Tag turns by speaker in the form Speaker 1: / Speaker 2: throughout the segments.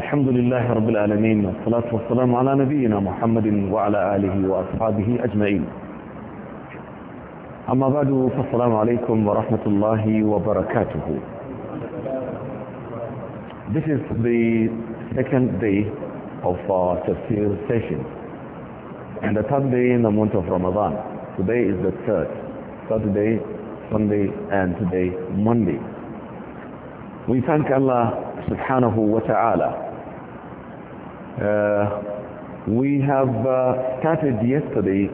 Speaker 1: الحمد لله رب العالمين والصلاة والسلام على نبينا محمد وعلى آله وأصحابه أجمعين أما بعد فالسلام عليكم ورحمة الله وبركاته This is the second day of our Tafsir session and the third day in the month of Ramadan. Today is the third, Saturday, Sunday and today Monday. We thank Allah subhanahu wa ta'ala. Uh, we have uh, started yesterday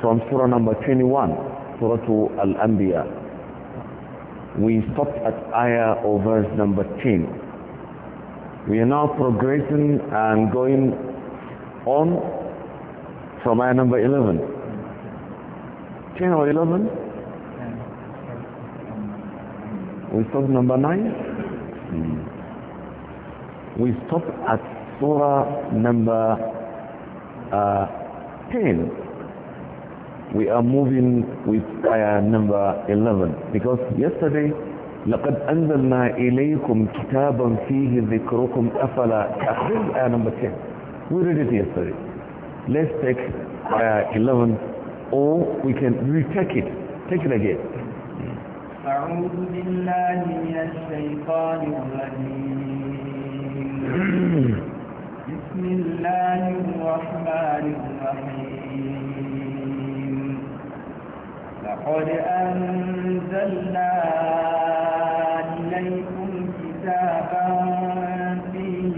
Speaker 1: from surah number 21, surah Al-Anbiya. We stopped at ayah or verse number 10. We are now progressing and going on from ayah number 11. 10 or 11? We stop number 9. Hmm. We stop at surah number uh, 10. We are moving with ayah number 11 because yesterday لقد أنزلنا إليكم كتابا فيه ذكركم أفلا تأخذ آية number 10 we read it yesterday let's take uh, 11 or we can retake it take it again
Speaker 2: أعوذ بالله من الشيطان الرجيم بسم الله الرحمن الرحيم لقد أنزلنا إليكم كتابا فيه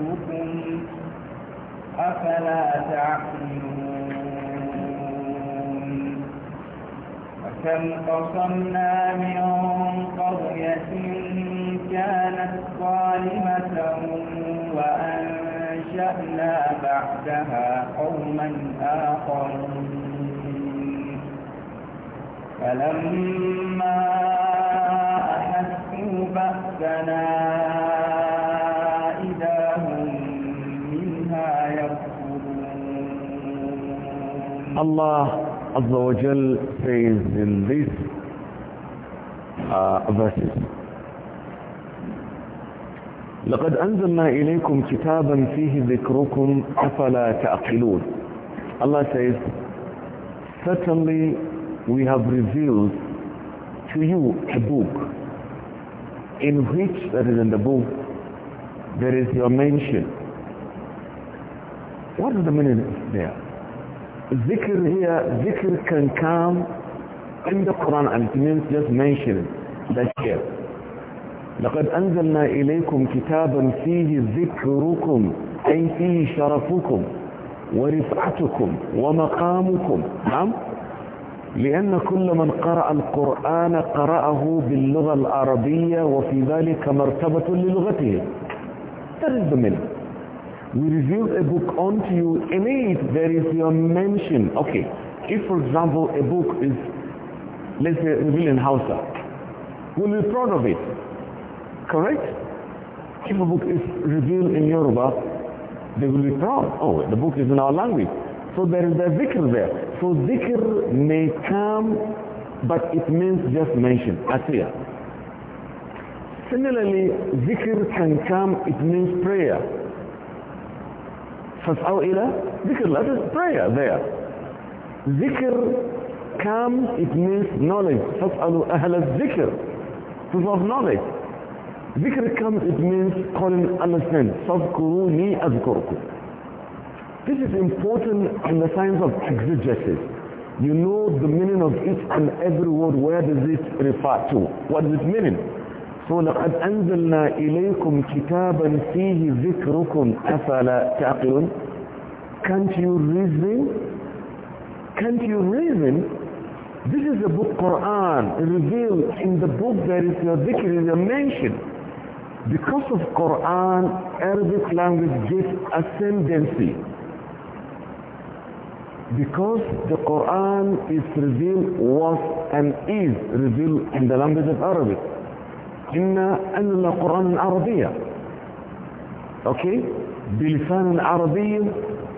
Speaker 2: ذكركم أفلا تعقلون كم قصمنا من قرية كانت ظالمة وأنشأنا بعدها قوما آخرين فلما أحسوا بأسنا إذا هم منها يركضون
Speaker 1: الله Azza wa Jal says in these uh, verses, لقد أنزلنا إليكم كتابا فيه ذكركم أفلا تأقلون Allah says certainly we have revealed to you a book in which that is in the book there is your mention what is the meaning there ذكر هي ذكر كان كان in the Quran and it means just mention it. لقد أنزلنا إليكم كتابا فيه ذكركم أي فيه شرفكم ورفعتكم ومقامكم نعم لأن كل من قرأ القرآن قرأه باللغة العربية وفي ذلك مرتبة للغته ترجم منه we reveal a book unto you, in it there is your mention. Okay, if for example a book is, let's say, revealed in Hausa, we'll be proud of it, correct? If a book is revealed in Yoruba, they will be proud. Oh, the book is in our language. So there is a zikr there. So zikr may come, but it means just mention, atiyah. Similarly, zikr can come, it means prayer. فاسعوا إلى ذكر الله. There's prayer there. Zikr comes, it means knowledge. أهل الذكر. People of knowledge. Zikr comes, it means calling understand. فاذكروني أذكركم. This is important in the science of exegesis. You know the meaning of each and every word. Where does it refer to? What does it mean? so laqad anzalna ilaykum kitaban fihi dhikrukum afala taqilun can't you reason can't you reason this is the book Quran revealed in the book there is your dhikr is your mention because of Quran Arabic language gives ascendancy because the Quran is revealed was and is revealed in the language of Arabic إن أنزل الْقُرآنَ عربيا okay بلسان عربي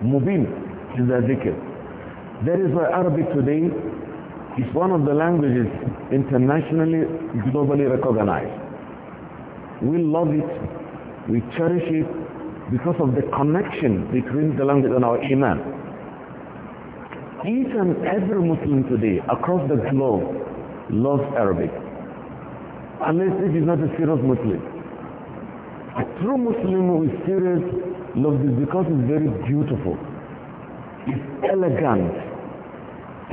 Speaker 1: مبين is ذكر. dhikr that is why Arabic today is one of the languages internationally globally recognized we love it we cherish it because of the connection between the language and our iman each and every Muslim today across the globe loves Arabic unless it is not a serious Muslim. A true Muslim who is serious loves it because it's very beautiful. It's elegant.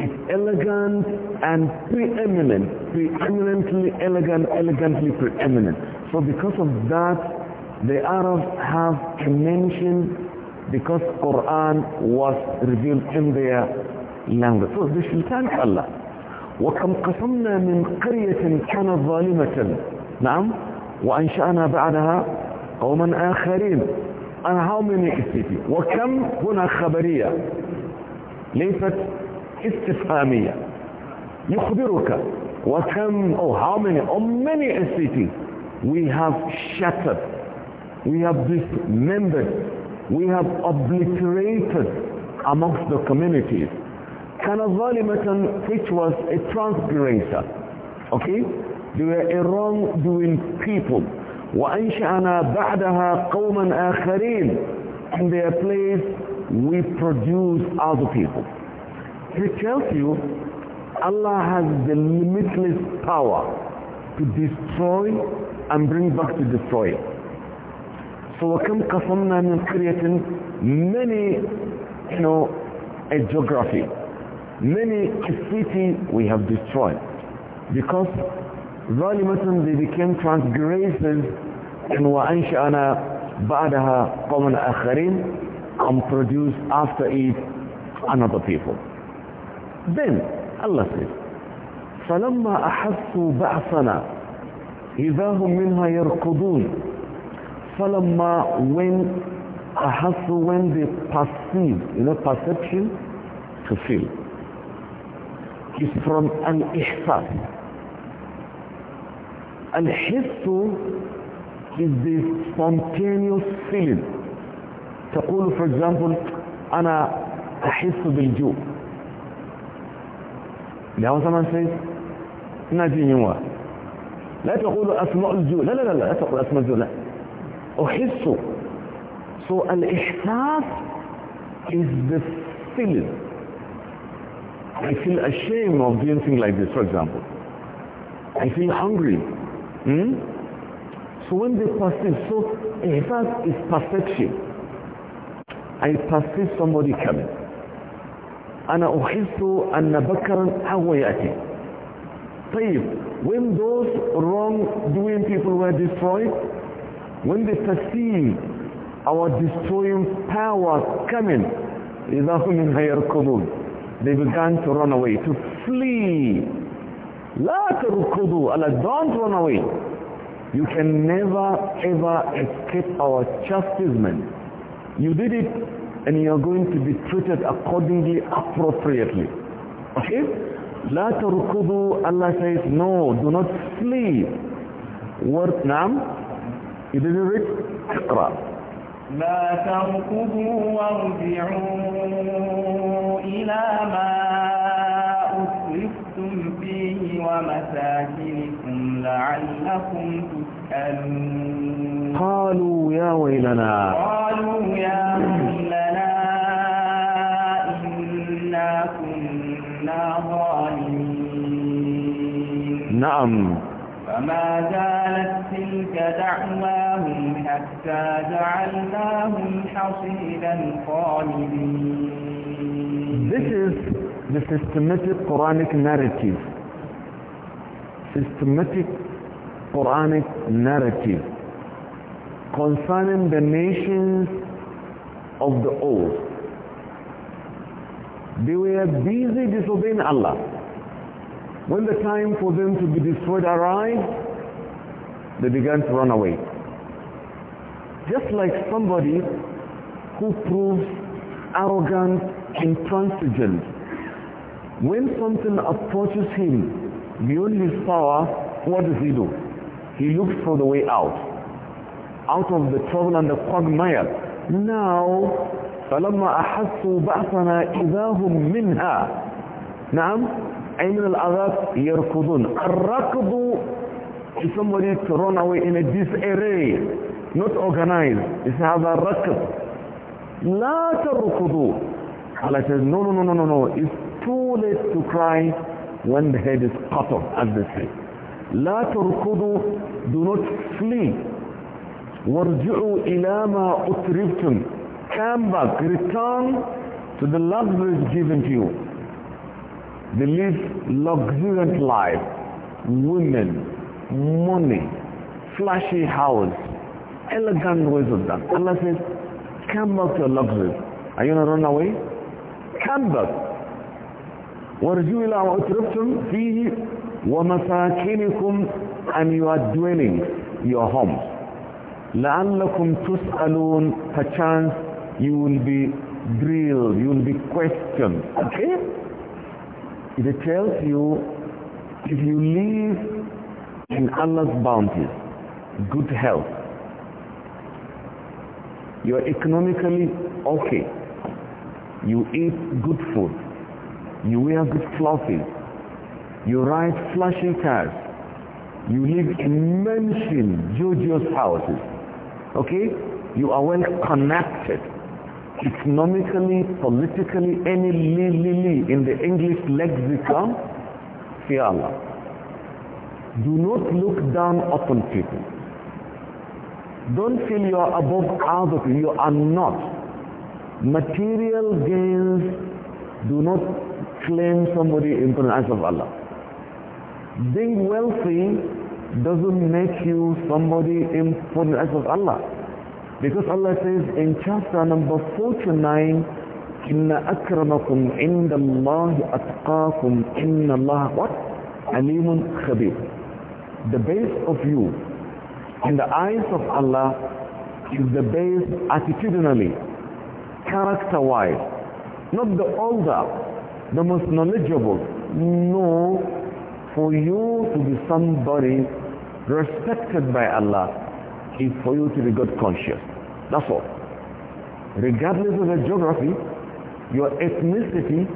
Speaker 1: It's elegant and preeminent. Preeminently elegant, elegantly preeminent. So because of that, the Arabs have a mention because Quran was revealed in their language. So they should thank Allah. وكم قسمنا من قرية كانت ظالمة نعم وأنشأنا بعدها قوما آخرين and هاو من وكم هنا خبرية ليست استفهامية يخبرك وكم أو how many أو many cities we have shattered we have dismembered we have obliterated amongst the communities كان ظالمة which was a transgressor okay they were a wrongdoing people وأنشأنا بعدها قوما آخرين in their place we produce other people he tells you Allah has the limitless power to destroy and bring back to destroy so وكم قصمنا من قرية many you know a geography many a city we have destroyed because ظالمة they became transgressors and وأنشأنا بعدها قوم آخرين and produced after it another people then Allah says فلما أحسوا بعثنا إذا هم منها يركضون فلما when أحسوا when they perceive you know perception to feel is from al-ihsas. Al-hissu is the spontaneous feeling. تقول for example أنا أحس بالجوع. لأن someone says أنا لا تقول أسماء الجوع. لا لا لا لا تقول أسمع الجوع. لا. أحس. So al-ihsas is the feeling I feel ashamed of doing things like this, for example. I feel hungry. Hmm? So when they perceive, so ihsas is perception. I perceive somebody coming. أنا أحس أن بكرا هو يأتي. طيب, when those wrongdoing people were destroyed, when they perceive our destroying power coming, إذا هم يركضون they began to run away, to flee. لا تركضوا Allah, don't run away. You can never ever escape our chastisement. You did it and you are going to be treated accordingly, appropriately. Okay? لا تركضوا Allah says, no, do not flee. Word
Speaker 2: now? You didn't read? لا تركضوا وارجعوا إلى ما أسرفتم فيه ومساكنكم لعلكم تسألون
Speaker 1: قالوا يا ويلنا قالوا يا ويلنا
Speaker 2: إنا كنا ظالمين نعم فما زالت تلك دعواهم حتى جعلناهم حصيدا خالدين This is
Speaker 1: the systematic Quranic narrative. Systematic Quranic narrative concerning the nations of the old. They were busy disobeying Allah. When the time for them to be destroyed arrived, they began to run away. Just like somebody who proves arrogant intransigent. When something approaches him beyond his power, what does he do? He looks for the way out, out of the trouble and the quagmire. Now, فلما أحسوا بأسنا إذا هم منها نعم أي من العذاب يركضون الركض is somebody to run away in a disarray not organized it's هذا الركض لا تركضوا Allah says, no, no, no, no, no, no. It's too late to cry when the head is cut off, as they say. لا تركضوا, do not flee. وارجعوا إلى ما أتربتم. Come back, return to the luxuries given to you. They live luxuriant life. Women, money, flashy house, elegant ways of that. Allah says, come back to your luxury. Are you going to run away? كبت ورجوا إلى ما
Speaker 3: أترفتم فيه
Speaker 1: ومساكنكم and your dwellings, your homes. لعلكم تسألون perchance you will be drilled, you will be questioned. Okay? It tells you if you live in Allah's bounties, good health, you are economically okay you eat good food. You wear good clothing. You ride flashy cars. You live in mansion, Jojo's houses. Okay? You are well connected economically, politically, any li li li in the English lexicon, fear Allah. Do not look down upon people. Don't feel you are above others. You are not. Material gains do not claim somebody into the eyes of Allah. Being wealthy doesn't make you somebody in the eyes of Allah. Because Allah says in chapter number 49, إن أكرمكم عند الله أتقاكم إن Allah what? alimun khabir." The base of you in the eyes of Allah is the base attitudinally character-wise, not the older, the most knowledgeable. No, for you to be somebody respected by Allah is for you to be God conscious. That's all. Regardless of your geography, your ethnicity,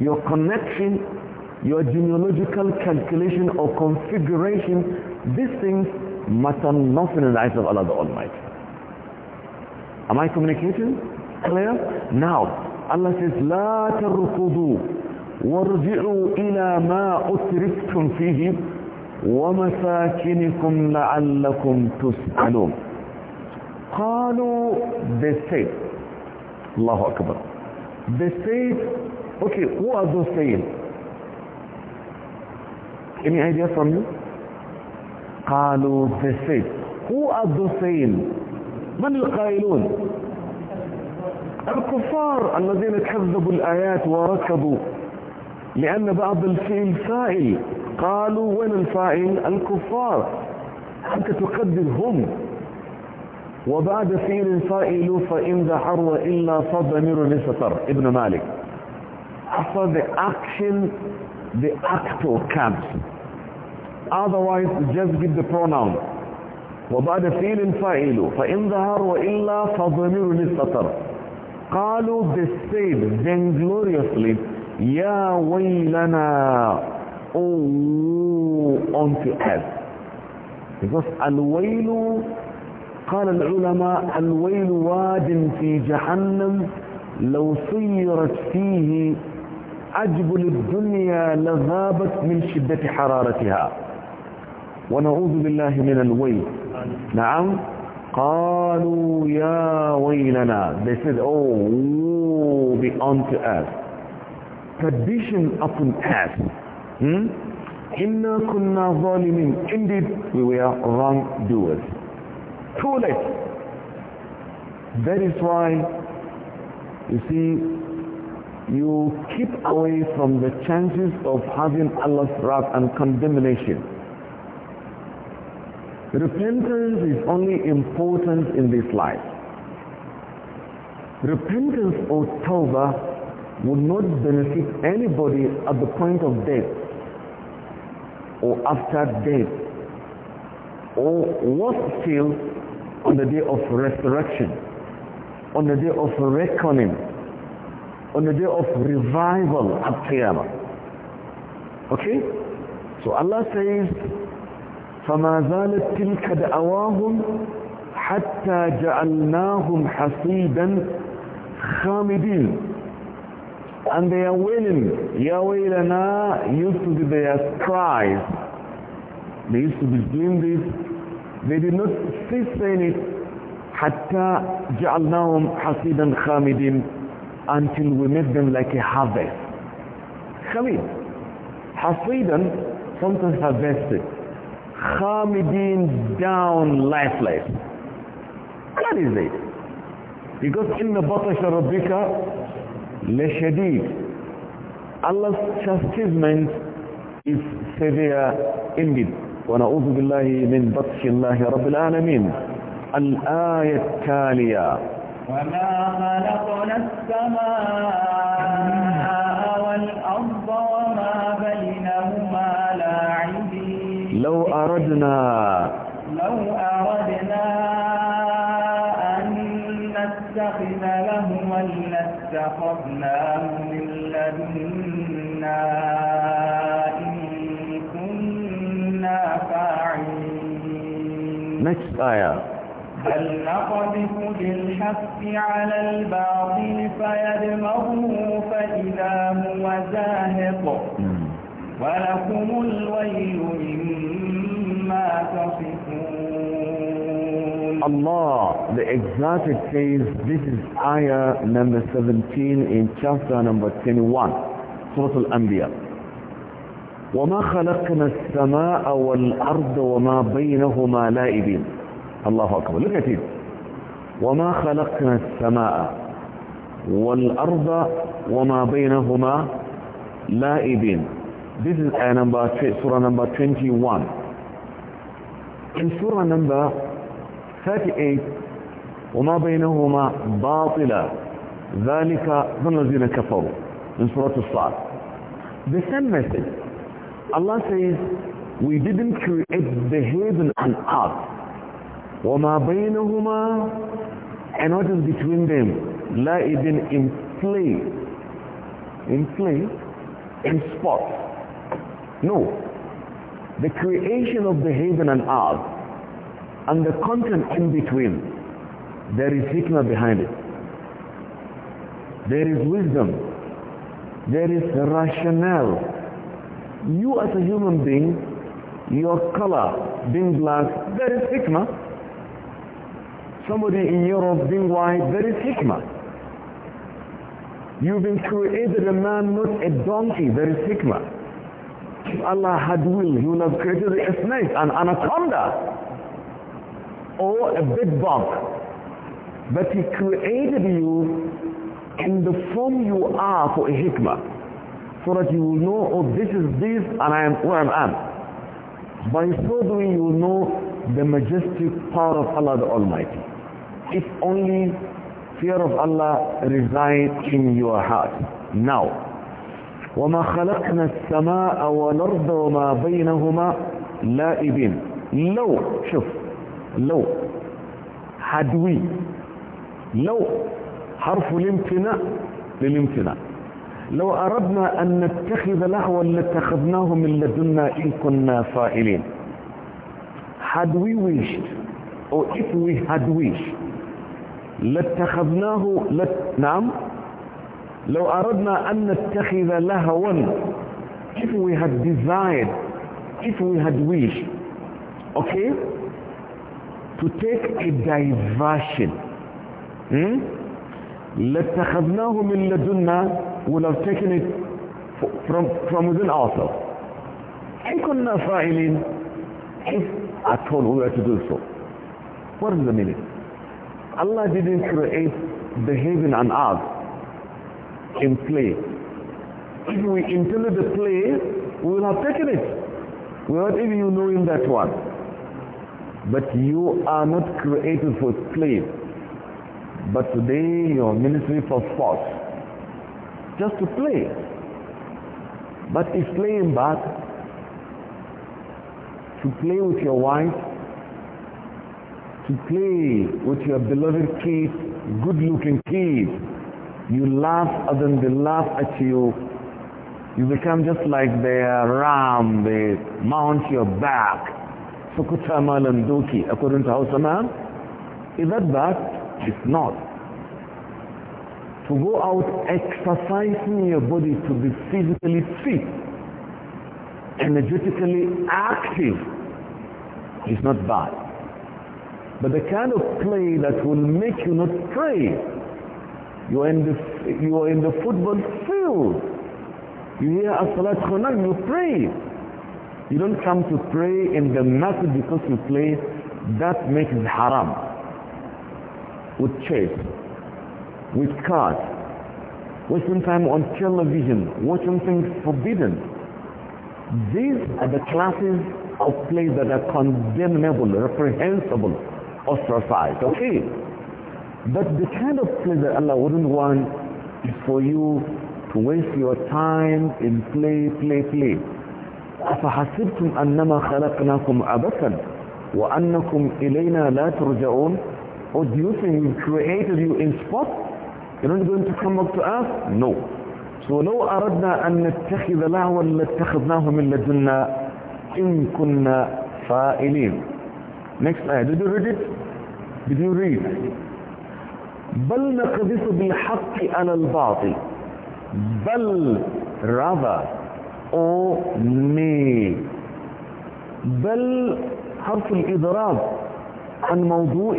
Speaker 1: your connection, your genealogical calculation or configuration, these things matter nothing in the eyes of Allah the Almighty. Am I communicating? Clear? Now, Allah says, لا تركضوا وارجعوا إلى ما أتركتم فيه ومساكنكم لعلكم تسألون قالوا they say الله أكبر they say okay who are those saying any idea from you قالوا they say who are those saying من القائلون الكفار الذين كذبوا الآيات وركضوا لأن بعض الفيل فاعل قالوا وين الفاعل الكفار أنت تقدر هم وبعد فيل فائل فإن ذحر إلا أمير لستر ابن مالك after the action the actor comes otherwise just give the pronoun وبعد فيل فائل فإن ذحر وإلا أمير للسطر قالوا they said gloriously يا ويلنا oh unto us because الويل قال العلماء الويل واد في جهنم لو صيرت فيه أجبل الدنيا لذابت من شدة حرارتها ونعوذ بالله من الويل نعم قالوا يا ويلنا they said oh woe be unto us perdition upon us hmm? إنا كنا ظالمين indeed we were wrongdoers too late that is why you see you keep away from the chances of having Allah's wrath and condemnation Repentance is only important in this life. Repentance or tawbah would not benefit anybody at the point of death or after death or what still on the day of resurrection, on the day of reckoning, on the day of revival at Qiyamah. Okay? So Allah says, فما زالت تلك دعواهم حتى جعلناهم حصيدا خامدين and they are wailing يا ويلنا used to be their cries they used to be doing this they did not cease saying it حتى جعلناهم حصيدا خامدين until we made them like a harvest خميد حصيدا sometimes harvested Hamidin down lifeless. What is it. Because in the Batasha Rabbika, Le Shadid, Allah's chastisement is severe indeed. ونعوذ بالله من بطش الله رب العالمين الآية التالية
Speaker 2: وما خلقنا السماء والأرض وما بين لو أردنا لو أردنا أن نتخذ له لاتخذناه من لدنا إن كنا فاعلين بل نقذف بالحق على الباطل فيدمغه فإذا هو زاهق hmm. ولكم الويل مما تصفون
Speaker 1: Allah, the exalted says, this is ayah number 17 in chapter number 21, Surah Al-Anbiya. وما خلقنا السماء والأرض وما بينهما لائبين الله أكبر look at it وما خلقنا السماء والأرض وما بينهما لائبين This is ayah number, surah number 21. In surah number 38, وما بينهما باطلا ذلك ظن الذين كفروا in Surah Al-Sad. The same message. Allah says, we didn't create the heaven and earth. وَمَا بَيْنَهُمَا And what is between them? لَا in play. In play? In sport. No. The creation of the heaven and earth and the content in between, there is hikmah behind it. There is wisdom. There is rationale. You as a human being, your color being black, there is hikmah. Somebody in Europe being white, there is hikmah. You've been created a man, not a donkey. There is hikmah. If Allah had will, He would have created a snake, an anaconda, or a big bug. But He created you in the form you are for a hikmah, so that you will know, oh, this is this, and I am where I am. By so doing, you will know the majestic power of Allah the Almighty. If only fear of Allah resides in your heart. Now, وما خلقنا السماء والأرض وما بينهما لائبين لو شوف لو حدوي لو حرف الامتناء للامتناء لو أردنا أن نتخذ لهوا لاتخذناه من لدنا إن كنا فاعلين had we wished or if we had wished لاتخذناه لت... نعم لو أردنا أن نتخذ لهوا if we had desired if we had wished okay to take a diversion hmm? لاتخذناه من لدنا would have taken it from, from within ourselves إن كنا فاعلين if at all we were to do so what is the meaning? Allah didn't create the heaven and earth in play. If we intended the play, we will have taken it without even you knowing that one. But you are not created for play. But today your ministry for sports. Just to play. But is playing bad? To play with your wife, to play with your beloved kids, good looking kids, you laugh at them, they laugh at you. You become just like their ram, they mount your back. Sukutamalanduki, malanduki, according to Hausa Is that bad? It's not. To go out exercising your body to be physically fit, energetically active, is not bad. But the kind of play that will make you not pray you are in the, you are in the football field. You hear As-Salat Khonam, you pray. You don't come to pray in the masjid because you play. That makes it haram. With chess, with cards, wasting time on television, watching things forbidden. These are the classes of plays that are condemnable, reprehensible, ostracized. Okay? But the kind of that Allah wouldn't want is for you to waste your time in play, play, play. أفحسبتم أنما خلقناكم عبثا وأنكم إلينا لا ترجعون Or do you think we created you in spot? You're not going to come back to us? No. So لو أردنا أن نتخذ لهوا لاتخذناه من لدنا إن كنا فائلين. Next ayah. Did you read it? Did you read? بل نقذف بالحق على الباطل بل rather or may بل حرف الإضراب عن موضوع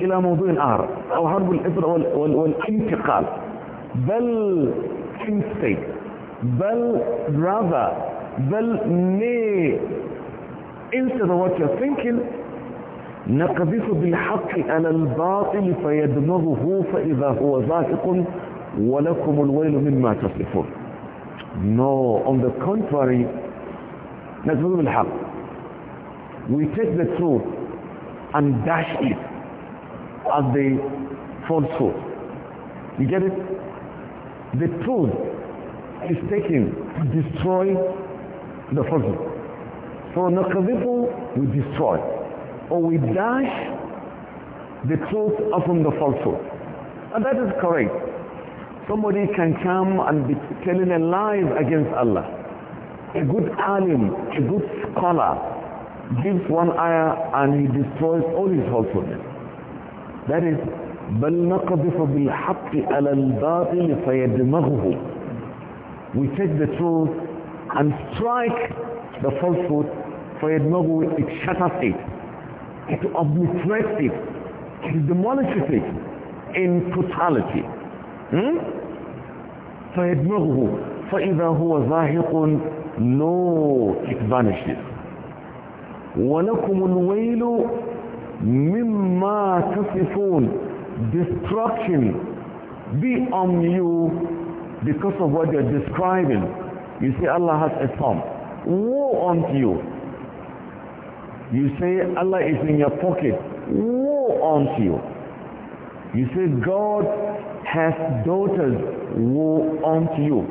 Speaker 1: إلى موضوع آخر أو حرف الإضراب والانتقال بل instead بل rather بل may instead of what you're thinking نقذف بالحق على الباطل فيدمغه فإذا هو ولكم الويل مما تصفون No, on the contrary, نقذف بالحق We take the truth and dash it as the falsehood. You get it? The truth is taken to destroy the falsehood. So نقذف, we destroy or we dash the truth upon the falsehood. And that is correct. Somebody can come and be telling a lie against Allah. A good alim, a good scholar, gives one ayah and he destroys all his falsehood. That is, نَقَذِفَ بِالْحَقِّ عَلَى الْبَاطِلِ فَيَدْمَغُهُ We take the truth and strike the falsehood, فَيَدْمَغُهُ It shatters it. It obliterates it. It demolishes it in totality. Hmm? فإذا هو زاهق No, it vanishes. ولكم الويل مما تصفون destruction be on you because of what you're describing. You see, Allah has a form. Woe unto you you say Allah is in your pocket. Woe unto you. You say God has daughters. Woe unto you.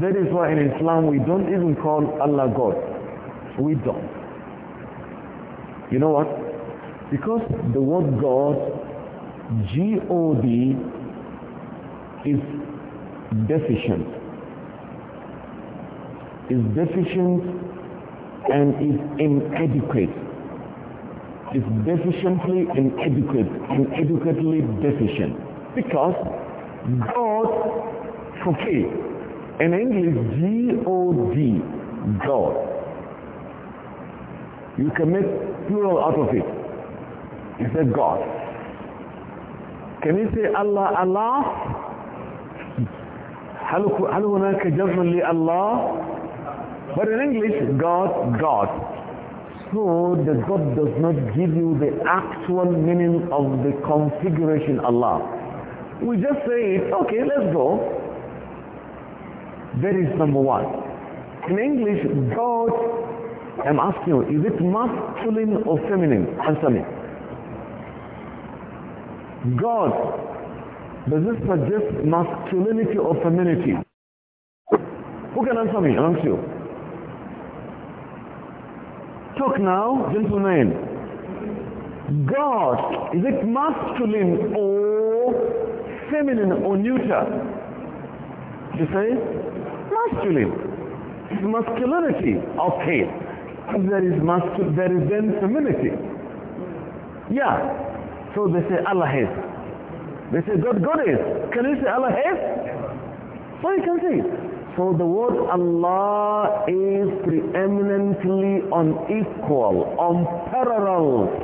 Speaker 1: That is why in Islam we don't even call Allah God. We don't. You know what? Because the word God, G-O-D, is deficient. Is deficient and is inadequate. Is deficiently inadequate, inadequately deficient. Because God forgave. In English, G-O-D, God. You can make plural out of it. You say God. Can you say Allah, Allah? هل هناك جر لله but in English, God, God. So the God does not give you the actual meaning of the configuration Allah. We just say it, okay, let's go. That is number one. In English, God, I'm asking you, is it masculine or feminine? Answer me. God, does this suggest masculinity or femininity? Who can answer me amongst you? Talk now, gentlemen. God, is it masculine or feminine or neuter? You say?
Speaker 3: Masculine.
Speaker 1: It's masculinity. Okay. There is masculine, there is then femininity. Yeah. So they say Allah is. They say God, God is. Can you say Allah is? Well, you can say so the word Allah is preeminently unequal, unparalleled.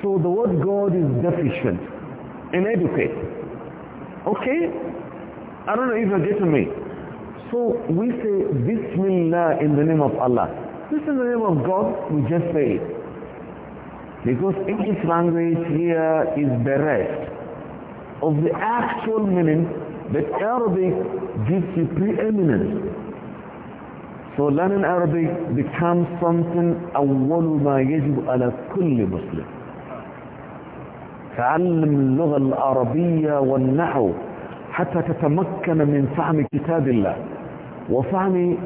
Speaker 1: So the word God is deficient, inadequate. Okay? I don't know if you're getting me. So we say Bismillah in the name of Allah. This is the name of God, we just say it. Because English language here is bereft of the actual meaning But Arabic gives you preeminence. So learning Arabic becomes something أول ما يجب على كل مسلم. تعلم اللغة العربية والنحو حتى تتمكن من فهم كتاب الله وفهم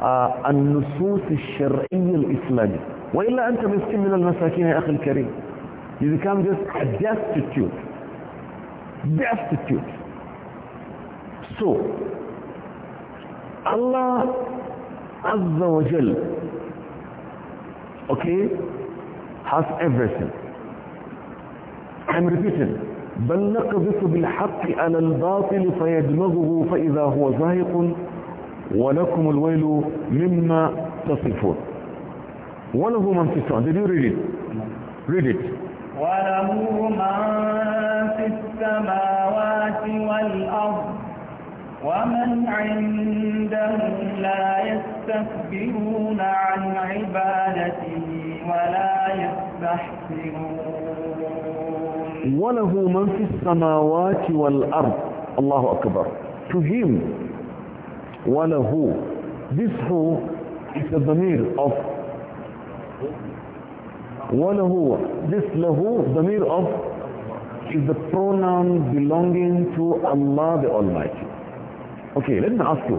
Speaker 1: آه، النصوص الشرعية الإسلامية وإلا أنت مسكين من المساكين يا أخي الكريم you become just a destitute destitute So, Allah Azza wa Jal, okay, has everything. I'm repeating. بل نقذف بالحق على الباطل فيدمغه فإذا هو زاهق ولكم الويل مما تصفون وله من في السماء did you read it?
Speaker 3: read it
Speaker 2: وله من في السماوات والأرض ومن عنده لا يستكبرون عن عبادته ولا يستحسرون
Speaker 1: وله من في السماوات والأرض الله أكبر to him وله this who is the ضمير of وله this له ضمير of is the pronoun belonging to Allah the Almighty Okay, let me ask you.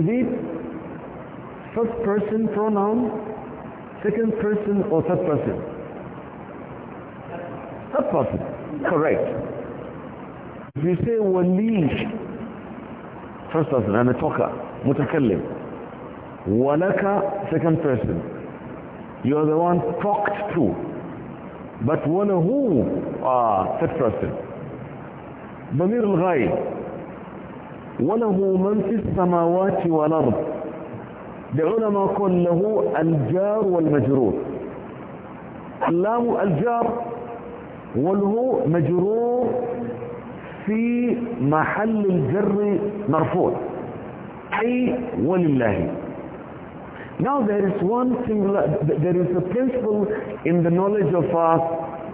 Speaker 1: Is it first person pronoun, second person or third person? Third person. Correct. If you say wali, first person, and a talker, mutakallim. Walaka, second person. You are the one talked to. But walahu, ah, third person. al الغاية وله من في السماوات والأرض لعلما كن له الجار والمجرور اللام الجار وله مجرور في محل الجر مرفوع أي ولله Now there is one similar, there is a principle in the knowledge of us,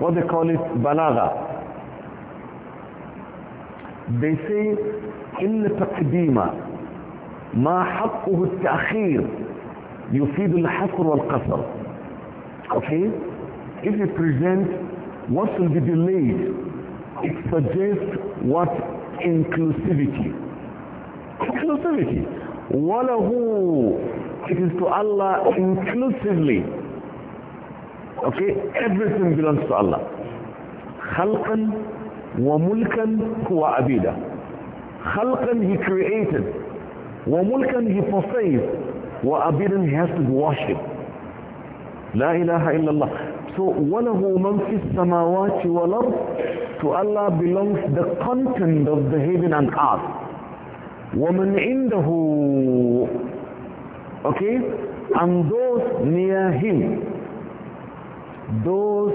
Speaker 1: what they call it, balaga. They say إن تقديم ما حقه التأخير يفيد الحصر والقصر okay if you present what will be delayed it suggests what inclusivity inclusivity walahu it is to Allah inclusively okay everything belongs to Allah خلقا وملكا هو عبيده Khalqan he created. Wa mulkan he possessed. Wa abidan he has to worship. La ilaha illallah. So, وَلَهُ مَنْ فِي السَّمَاوَاتِ وَالْأَرْضِ To Allah belongs the content of the heaven and earth. وَمَنْ عِنْدَهُ Okay? And those near him. Those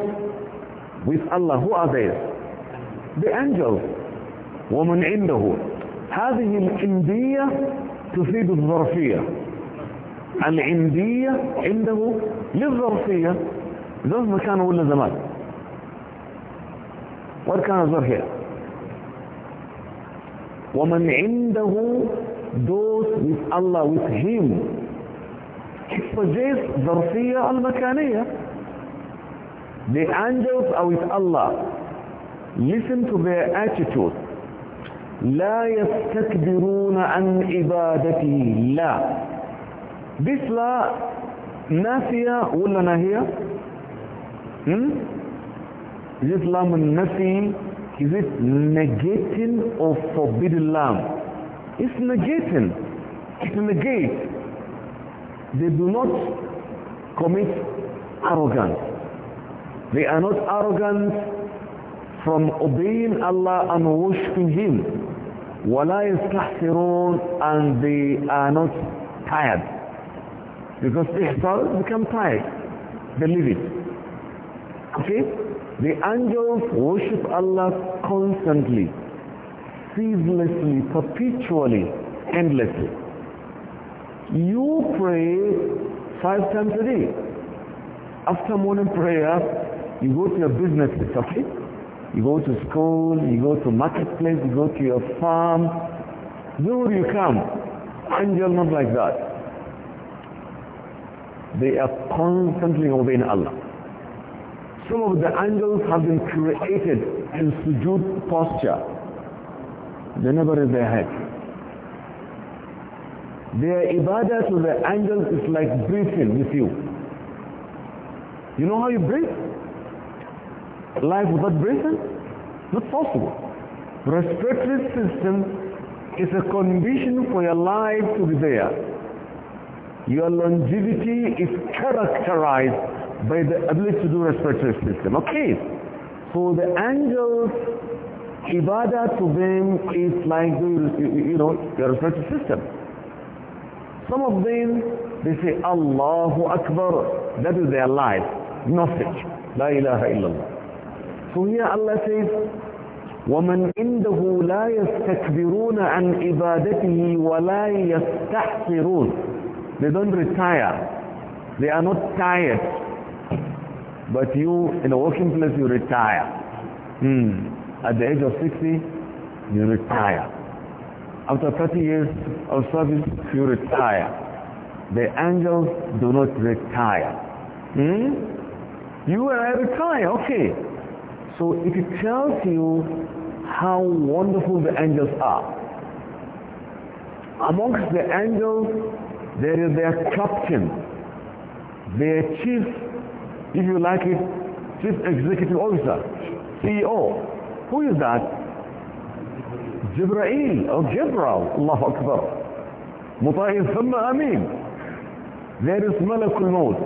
Speaker 1: with Allah, who are they? The angels. وَمَنْ عِنْدَهُ هذه العندية تفيد الظرفية العندية عنده للظرفية ذو مكان ولا زمان واركان الظرفية ومن عنده دوس with الله with him حفظية ظرفية المكانية the angels are with Allah listen to their attitude لا يستكبرون عن عبادته لا this لا نافية ولا نهية hmm? this lam is it negating or forbidden lam it's negating it's negates they do not commit arrogance they are not arrogant from obeying Allah and worshiping Him وَلَا يَسْتَحْسِرُونَ And they are not tired. Because ihsar become tired. They it. Okay? The angels worship Allah constantly, ceaselessly, perpetually, endlessly. You pray five times a day. After morning prayer, you go to your business, okay? you go to school, you go to marketplace, you go to your farm, do you come, Angels you not like that. They are constantly obeying Allah. Some of the angels have been created in sujood posture. They never raise their head. Their ibadah to the angels is like breathing with you. You know how you breathe? Life without breathing? Not possible. Respiratory system is a condition for your life to be there. Your longevity is characterized by the ability to do respiratory system. Okay. So the angels, ibadah to them is like, the, you know, your respiratory system. Some of them, they say, Allahu Akbar, that is their life, nothing. La ilaha illallah. So here Allah says, وَمَنْ إِنْدَهُ لَا يَسْتَكْبِرُونَ عَنْ إِبَادَتِهِ وَلَا يَسْتَحْصِرُونَ They don't retire. They are not tired. But you, in a working place, you retire. Hmm. At the age of 60, you retire. After 30 years of service, you retire. The angels do not retire. Hmm? You and I retire, okay. So if it tells you how wonderful the angels are. Amongst the angels, there is their captain, their chief, if you like it, chief executive officer, CEO. Who is that? Jibreel or oh, Jibreel, Allahu Akbar. Muta'in thumma Amin. There is Malakul Maut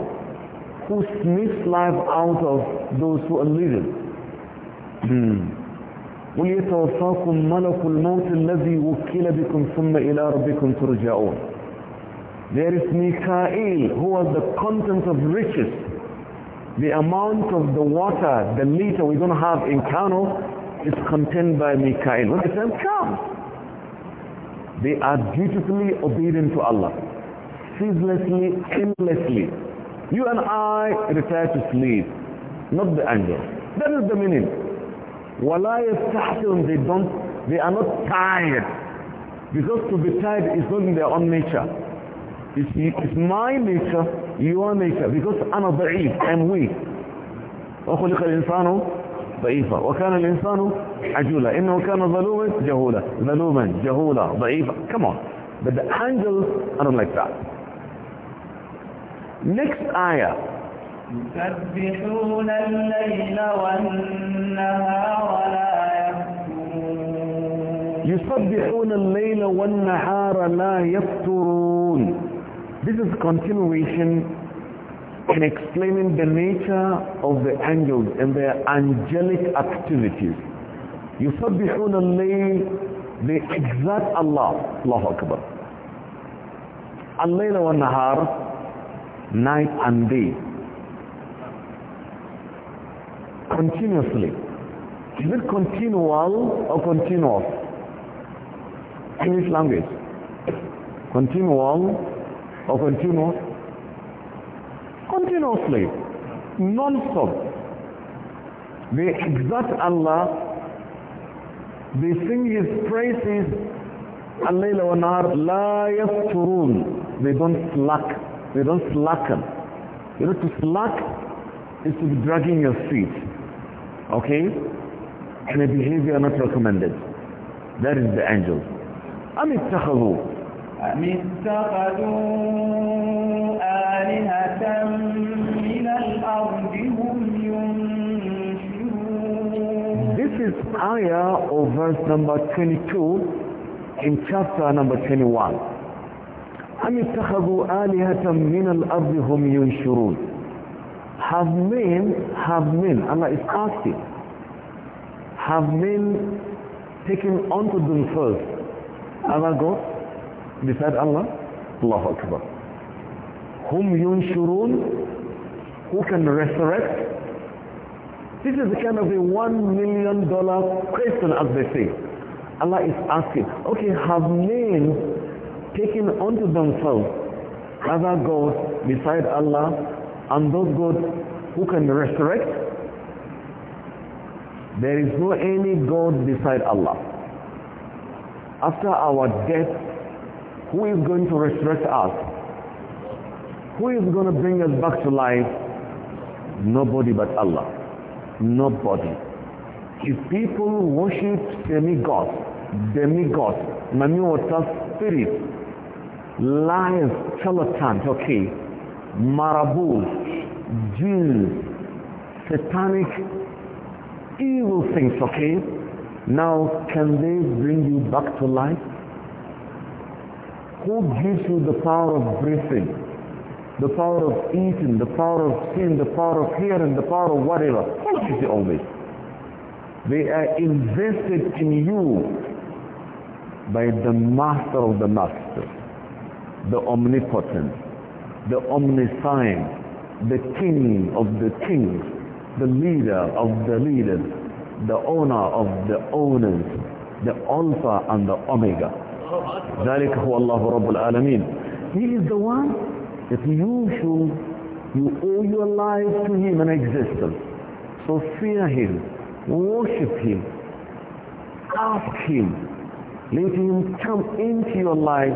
Speaker 1: who sniffs life out of those who are living. Hmm. قل يتوفاكم ملك الموت الذي وكل بكم ثم إلى ربكم ترجعون There is Mikael who was the content of riches the amount of the water, the liter we're going to have in Kano is contained by Mikael. When the time come, they are dutifully obedient to Allah, ceaselessly, endlessly. You and I retire to sleep, not the angels. That is the meaning. Wala yastahsun, they don't, they are not tired. Because to be tired is not in their own nature. It's, it's my nature, your nature. Because I'm a ضعيف, I'm weak. وخلق الإنسان ضعيفا وكان الإنسان عجولا إنه كان ظلوما جهولا ظلوما جهولا ضعيفا come on but the angels I do not like that next ayah
Speaker 2: يسبحون الليل والنهار لا يفترون
Speaker 1: يسبحون الليل والنهار لا يفترون This is continuation in explaining the nature of the angels and their angelic activities. يسبحون الليل They exalt Allah. Allahu Akbar. الليل والنهار Night and day. continuously. Is it continual or continuous? English language. Continual or continuous? Continuously. Non-stop. They exalt Allah. They sing His praises. الليل والنهار لا يفترون. They don't slack. They don't slacken. You know, to slack is to be dragging your feet okay and a behavior not recommended that is the angel أم اتخذوا This is ayah or verse number 22 in chapter number 21 أم اتخذوا min من الأرض have been, have been, Allah is asking, have been taken onto themselves other gods beside Allah? Allahu Akbar. Whom yunshurun, who can resurrect? This is the kind of a one million dollar question as they say. Allah is asking, okay, have men taken unto themselves other gods beside Allah and those God who can resurrect, there is no any God beside Allah. After our death, who is going to resurrect us? Who is going to bring us back to life? Nobody but Allah. Nobody. If people worship demigods, demigods, manu water spirit, lies, charlatans, okay, marabout, jinns, satanic evil things, okay? Now, can they bring you back to life? Who gives you the power of breathing, the power of eating, the power of seeing, the power of hearing, the power of whatever? Who gives you all this? They are invested in you by the master of the master, the omnipotent, the omniscient, the king of the kings, the leader of the leaders, the owner of the owners, the Alpha and the Omega. ذلك هو الله رب العالمين. He is the one that you should, you owe your life to Him and existence. So fear Him, worship Him, ask Him, let Him come into your life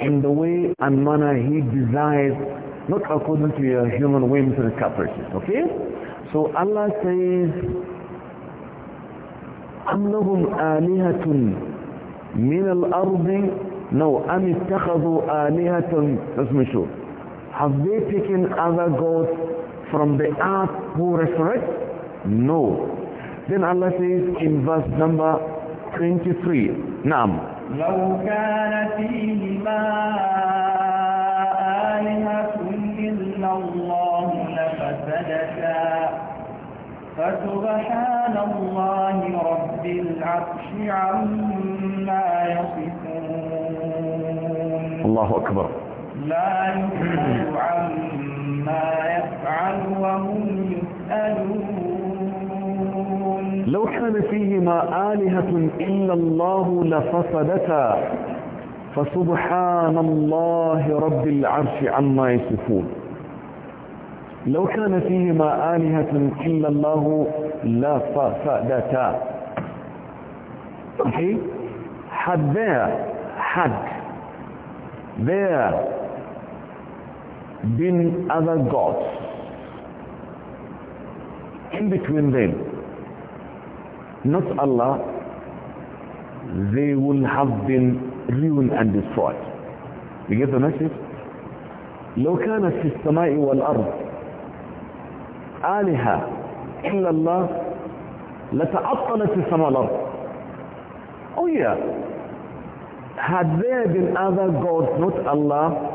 Speaker 1: in the way and manner He desires, not according to your human whims and caprices. Okay? So Allah says, أَمْ لَهُمْ آلِهَةٌ مِنَ الْأَرْضِ No, أَمْ اتَّخَذُوا آلِهَةٌ That's my sure. Have they taken other gods from the earth who resurrect? No. Then Allah says in verse number 23, نعم
Speaker 2: لو كان فيهما آلهة إلا الله لفسدتا فسبحان الله رب العرش عما يصفون الله أكبر لا يسأل عما يفعل وهم يسألون لو
Speaker 1: كان فيهما آلهة إلا الله لفسدتا فسبحان الله رب العرش عما يصفون لو كان فيهما آلهة إلا الله لفسدتا Okay? Had there, had there been other gods in between them, not Allah, they will have been ruined and destroyed. You get the message? لو كانت في السماء والأرض آلهة إلا الله لتعطلت السماء والأرض Oh yeah. Had there been other gods, not Allah,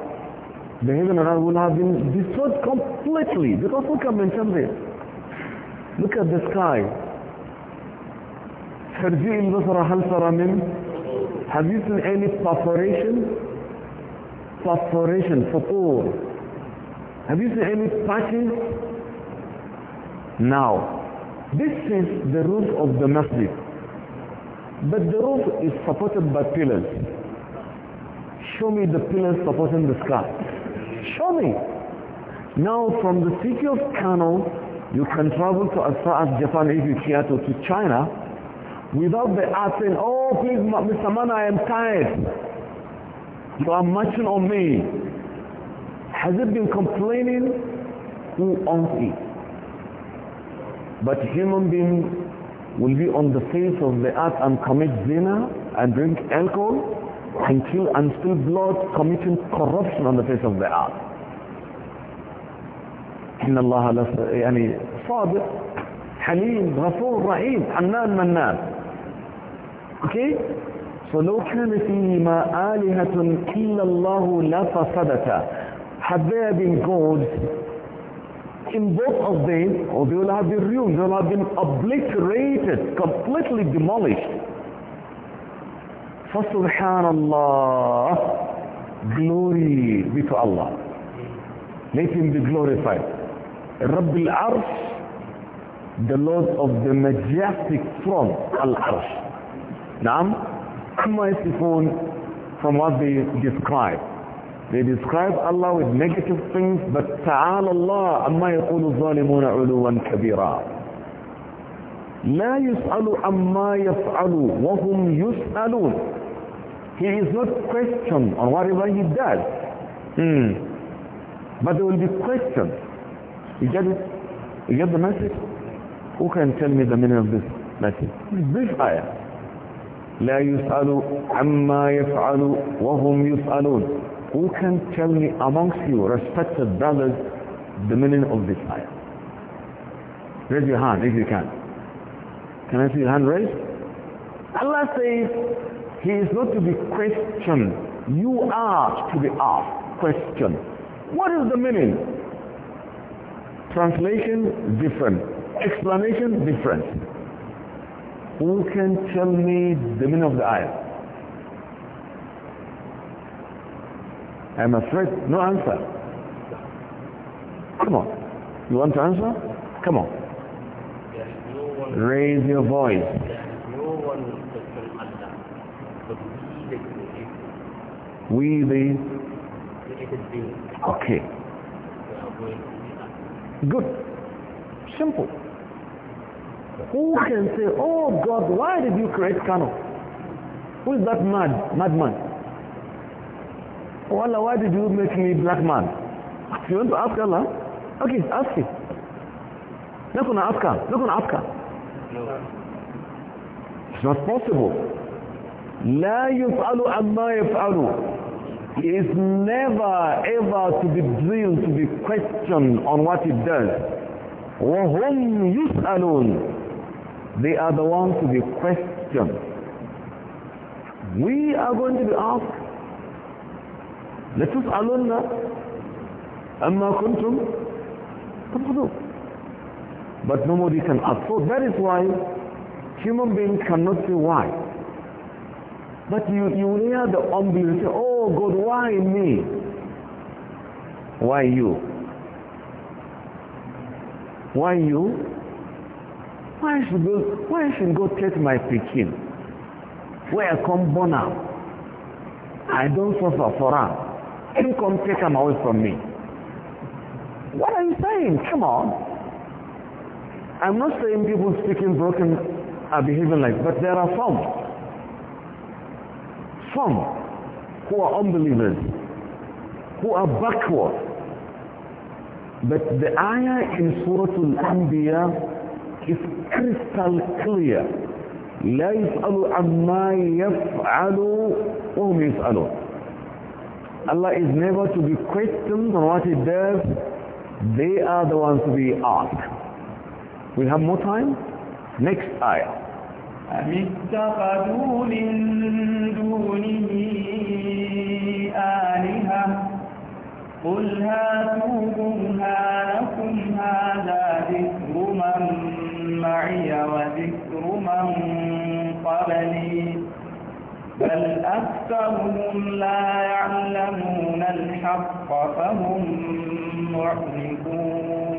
Speaker 1: the heaven and earth would have been destroyed completely. Because look at maintain this? Look at the sky have you seen any perforation perforation فطور have you seen any patches now this is the roof of the masjid but the roof is supported by pillars show me the pillars supporting the sky show me now from the city of Kano you can travel to as far as Japan if you care to, to China without the asking, oh please Mr. Man, I am tired. You are marching on me. Has it been complaining? Who owns it? But human beings will be on the face of the earth and commit zina and drink alcohol and kill and spill blood, committing corruption on the face of the earth. إن الله يعني صادق حليم غفور رحيم حنان منان Okay? So لو كان فيهما آلهة إلا الله لفسدتا had there been gods in both of them or they will have been ruined, they will have been obliterated, completely demolished. اللَّهِ glory be to Allah. Let him be glorified. Rabbil Arsh, the Lord of the majestic throne, Al Arsh. Now, Amma from what they describe. They describe Allah with negative things, but Taala Allah, amma يقول الظالمون علوا kabira. لا يسأل amma يفعل wahum يسألون He is not questioned on whatever he does. Hmm. But there will be questions. You get it? You get the message? Who can tell me the meaning of this message? This ayah. لا يسأل عما يفعل وهم يسألون Who can tell me amongst you, respected brothers, the meaning of this ayah? Raise your hand if you can. Can I see your hand raised?
Speaker 2: Allah says,
Speaker 1: He is not to be questioned. You are to be asked, question. What is the meaning? Translation, different. Explanation, different. Who can tell me the meaning of the ayah? I'm afraid no answer.
Speaker 3: Come on. You want to answer? Come on. Raise your voice.
Speaker 1: we the
Speaker 3: Okay. Good.
Speaker 1: Simple. Who can say, oh God, why did you create Kano? Who is that mad, madman? Oh Allah, why did you make me black man? If you want to ask Allah, okay, ask him. Not gonna ask her, not gonna ask her. No. It's
Speaker 3: not possible.
Speaker 1: لا يفعل عما يفعل He is never ever to be drilled, to be questioned on what he does. وهم يسألون They are the ones to be questioned. We are going to be asked, لَتُسْأَلُنَّ أَمَّا come تَفْضُونَ But nobody can ask. So that is why human beings cannot say why. But you, you hear the unbelief, say, oh God, why me? Why you? Why you? Why should go, why I should go take my pikin? Where I come born now. I don't suffer for her. Him come take him away from me. What are you saying? Come on. I'm not saying people speaking broken are behaving like, but there are some. Some who are unbelievers, who are backward. But the ayah in Surah Al-Anbiya is crystal clear لا يسأل عما يفعل وهم يسألون Allah is never to be questioned on what He does they are the ones to be asked we have more time next ayah
Speaker 2: أم اتخذوا من دونه آلهة قل هاتوا برهانكم هذا ذكر معي وذكر من قبلي بل أكثرهم لا يعلمون الحق فهم معرفون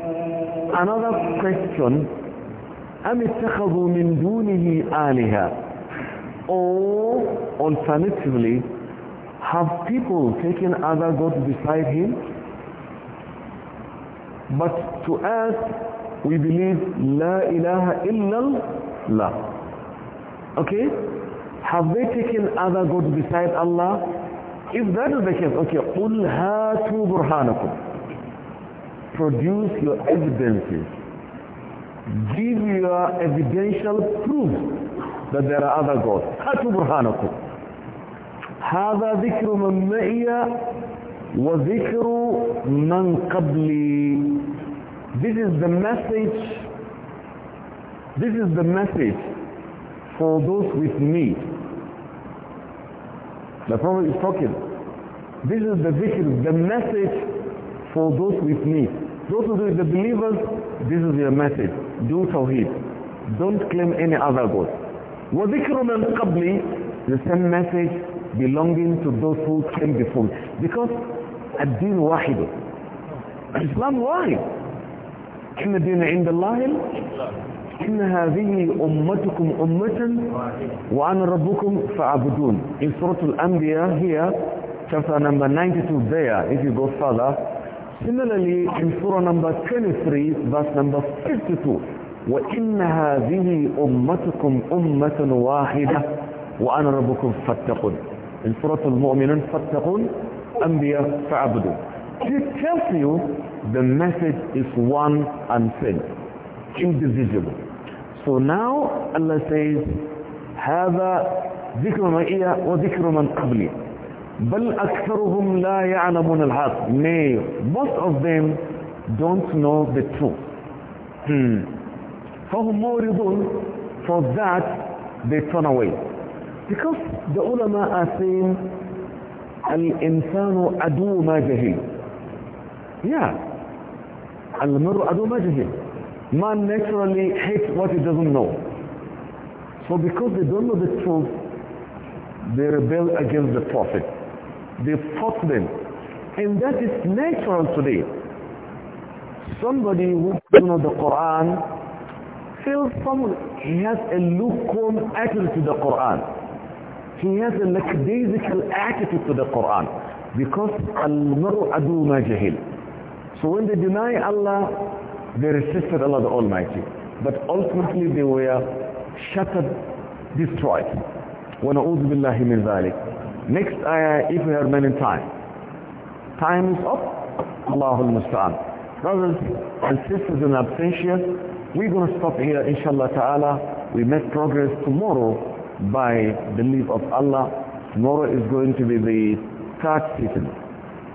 Speaker 2: Another question
Speaker 1: أم اتخذوا من دونه آلهة
Speaker 2: or
Speaker 1: alternatively have people taken other gods beside him but to us we believe La ilaha illallah. Okay? Have they taken other gods beside Allah? If that is the case, okay, قُلْ هَاتُوا بُرْحَانَكُمْ Produce your evidences. Give your evidential proof that there are other gods. هَاتُوا بُرْحَانَكُمْ هَذَا ذِكْرُ مَنْ مَئِيَ وَذِكْرُ مَنْ قَبْلِي This is the message, this is the message for those with need. The Prophet is talking. This is the vision, the message for those with need. Those who are the believers, this is your message. Do Tawheed. Don't claim any other God. وَذِكْرُ مَنْ قَبْلِ The same message belonging to those who came before. Because الدين واحد. Islam واحد. إن الدين عند الله إن هذه أمتكم أمة وأنا ربكم فاعبدون. إن سورة الأنبياء هي chapter number 92 there if you go further similarly in surah number 23 verse number 52 وإن هذه أمتكم أمة واحدة وأنا ربكم فاتقون إن سورة المؤمنين فاتقون أنبياء فاعبدون. It tells you the message is one and same, indivisible. So now Allah says, هذا ذكر من إياه وذكر من قبلي بل أكثرهم لا يعلمون الحق Nay, most of them don't know the truth. Hmm. فهم موردون for that they turn away. Because the ulama are saying الإنسان عدو ما جهل yeah. Al-Murru Adu him. Man naturally hates what he doesn't know. So because they don't know the truth, they rebel against the Prophet. They fought them. And that is natural today. Somebody who doesn't know the Quran feels someone, he has a lukewarm attitude to the Quran. He has a lackadaisical attitude to the Quran. Because al-mar'u adu ma so when they deny Allah, they resisted Allah the Almighty. But ultimately they were shattered, destroyed. وَنَعُوذُ بِاللَّهِ مِنْ ذَلِكَ Next ayah, if we have many time. Time is up. Allahul Musta'an. Brothers and sisters in absentia, we're going to stop here, inshallah ta'ala. We make progress tomorrow by the leave of Allah. Tomorrow is going to be the third season.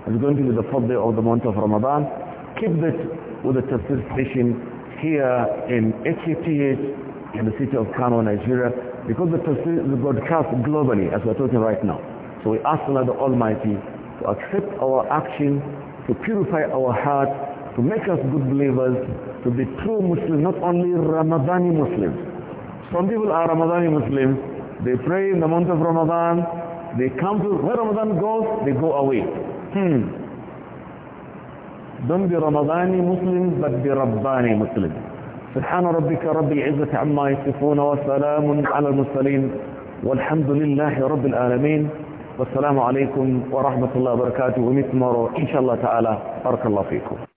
Speaker 1: It's going to be the fourth day of the month of Ramadan. Keep it with the Tafsir station here in HKTH in the city of Kano, Nigeria, because the Tafsir is broadcast globally as we're talking right now. So we ask Allah the Almighty to accept our action, to purify our heart, to make us good believers, to be true Muslims, not only Ramadani Muslims. Some people are Ramadani Muslims, they pray in the month of Ramadan, they come to, where Ramadan goes, they go away. hmm. دم برمضاني مسلم بل برباني مسلم سبحان ربك رب العزة عما يصفون وسلام على المرسلين والحمد لله رب العالمين والسلام عليكم ورحمة الله وبركاته ومثمر إن شاء الله تعالى بارك الله فيكم